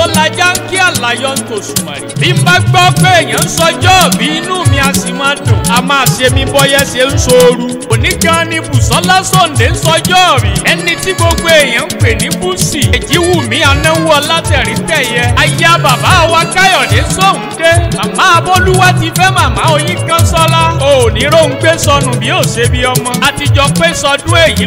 ó lajá ń kí àlàyé ń tòṣùmọ̀rì. bí n bá gbọ́ pé èèyàn ń sọjọ́ bí inú mi á sì máa dùn a máa ṣe mi bọ́yẹ́ ṣe ń sooru. òní gan ni Bùsọ́lá Sòǹdé ń sọjọ́ rí. ẹni tí gbogbo èèyàn ń pè ní búùsì. èjì wù mí anáwó ọlátẹ̀rí tẹ̀yẹ. aya bàbá wa Káyọ̀dé Sòǹdé. màmá Abọ́lúwa ti fẹ́ màmá oyin kan sọ́lá. òní rohun gbé sọnù bí ó ṣe bí ọmọ. àtijọ́ pé sọdún èyí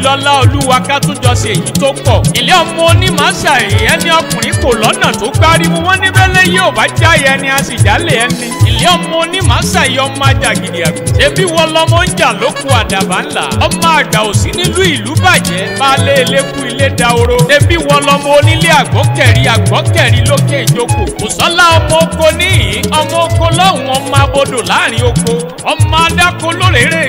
kò lọ́nà tó gbárímú wọ́n ní bẹ́lẹ́ yìí ò bá jáyẹ ẹni a sì jálè ẹni. ilé ọmọ onímọ̀ọ́sà yìí ọmọ ajàgìdì àgbò. ṣebí wọn lọmọ ń jà lóko àdàbà ńlá. ọmọ àgbà ò sí nílùú ìlú bàjẹ́. baálé eléku ilé dahoro. ṣebí wọn lọmọ onílé àgbọ́kẹ̀rí àgbọ́kẹ̀rí lókè ìjókòó. òsánlá ọmọ oko níyì ọmọ oko lọ́hùn ọmọ abodò láàrin oko. ọmọ adáko lórèrè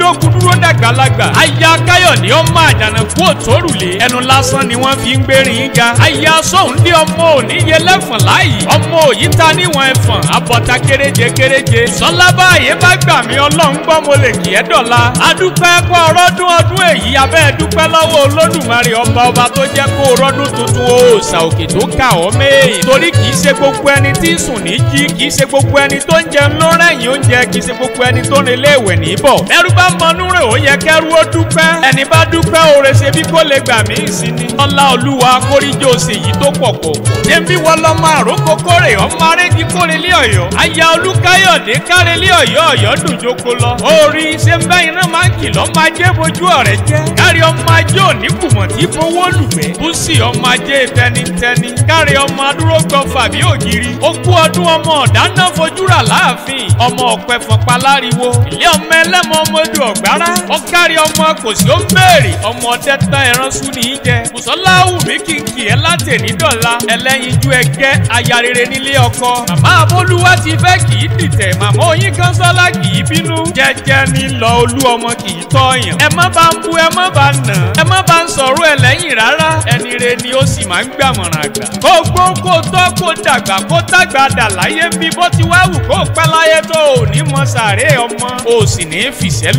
dógun dúró dàgbàlagbà aya káyọ̀dé ọmọ àjànàkú òtórùlé ẹnu lásán ni wọ́n fi ń gbérin ga aya sóhundé ọmọ òní yẹ lẹ́fọ̀n láàyè ọmọ òyì ta níwọ̀n ẹ̀fọ̀n abọ́ta kéréje kéréje sọlá báyé bá gbà mí ọlọ́run gbọ́ mo lè kì í dọ̀la adúpẹ́ kọ́ ọrọ́dún ọdún èyí abẹ́ dúpẹ́ lọ́wọ́ olódùmarè ọba ọba tó jẹ́ kó ọrọ́dún tuntun òòsà òkè tó kà ọ́ mẹ́ẹ̀ torí kì í ṣe gbogbo ẹni tí ń sùn ní jí kì í ṣe gbogbo ẹni tó ń jẹun ló oúnjẹ kì í ṣe gbogbo ẹni tó ń relé ìwẹ̀ níbọ̀ ẹrú bá bá mọnú rẹ̀ ó yẹ kẹ́rú ó dúpẹ́ ẹni bá dúpẹ́ oore ṣe bí kò lè gbà mí sí ni. ọlá olúwa kórìjọ òsè yìí tó pọ̀ pọ̀. jẹ́nbí wọ́n lọ máa rókò kórè ọmọ arégi kórè lé ọ̀yọ́. aya olúkáyọ̀dé kárè lé ọ̀yọ́ ọ̀yọ́ dùn jókòó lọ. orí ṣe ń bẹ́ iná máa ń kìlọ̀ máa jẹ́ bojú ọ̀rẹ́ jẹ́. kárí ọmọ ajé òní kùmọ̀ tí fowó lùgbẹ́. bùsì ọmọ ajé tẹnitẹni. kárí ọmọ adúró gbọ́ fàbí ògiri. ogún ọdún ọmọ ọ̀dá náà fojúra láàfin. ọmọ ọ̀pẹ fọ̀pá láriwo. ilé ọmọ ẹlẹ́mọ ọmọ lójú ọ̀gbára ọ̀kárí ọmọ kò sí ó ń béèrè ọmọ ọdẹ tán ẹran sún ní í jẹ mùsọ́láwù mi kì í kì ẹ́ látẹ̀ní dọ̀la ẹlẹ́yinjú ẹgẹ́ ayarere nílé ọkọ màmá abolúwa ti fẹ́ kì í dìtẹ̀ màmá oyin kan sọ́lá kì í bínú jẹ́jẹ́ ní lọ olú ọmọ kì í tọ̀yàn ẹ má bá ń bu ẹ má bá ń nà ẹ má bá ń sọ̀rọ̀ ẹ rárá ẹni re ni ó sì máa ń gbàmọ̀ràn àgbà kó gbó kó tọ́ kó dàgbà kó tágbà dà láyé bí bó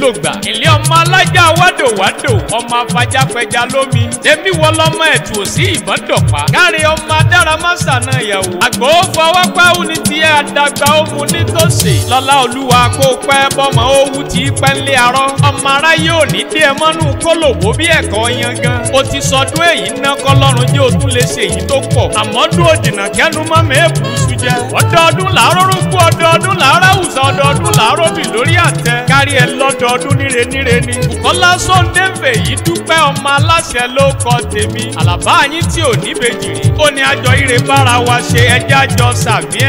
lògbà ilé ọmọ alájà wádòwádò ọmọ afajá pẹja lómi tèmi wọ lọmọ ẹtù òsì ìbọn dọ̀pá káre ọmọ adáramásà náà yẹ̀wò àgbò fọwọ́pá ó ní tiẹ̀ àdàgbà ó mu nítòsí lọ́lá olúwa kó pẹ́ bọ́mọ owó tí pẹ́ńlẹ̀ arọ́ ọmọ ará yóò ní díẹ̀ mọ́nú kólòwó bí ẹ̀kọ́ yangan o ti sọdún èyí ná kọ́lọ́run jẹ́ o tún lè ṣe èyí tó pọ̀ àmọ́ dúró dènà kẹ́nu mọ́ mẹ́ẹ̀bù sùn jẹ́ ọdọọdún làárọ̀ rúkú ọdọọdún làárọ̀ àwùsọ ọdọọdún làárọ̀ bì lórí àtẹ kárí ẹ lọ́dọọdún níre níre ni. Bùkọ́lá Sunday Fèyí dúpẹ́ ọmọ aláṣẹ ló kọ tèmi. Àlàbá yín tí ò ní bèjì rí. Ó ní àjọ ire bára wa ṣe ẹjẹ́ àjọ sàmí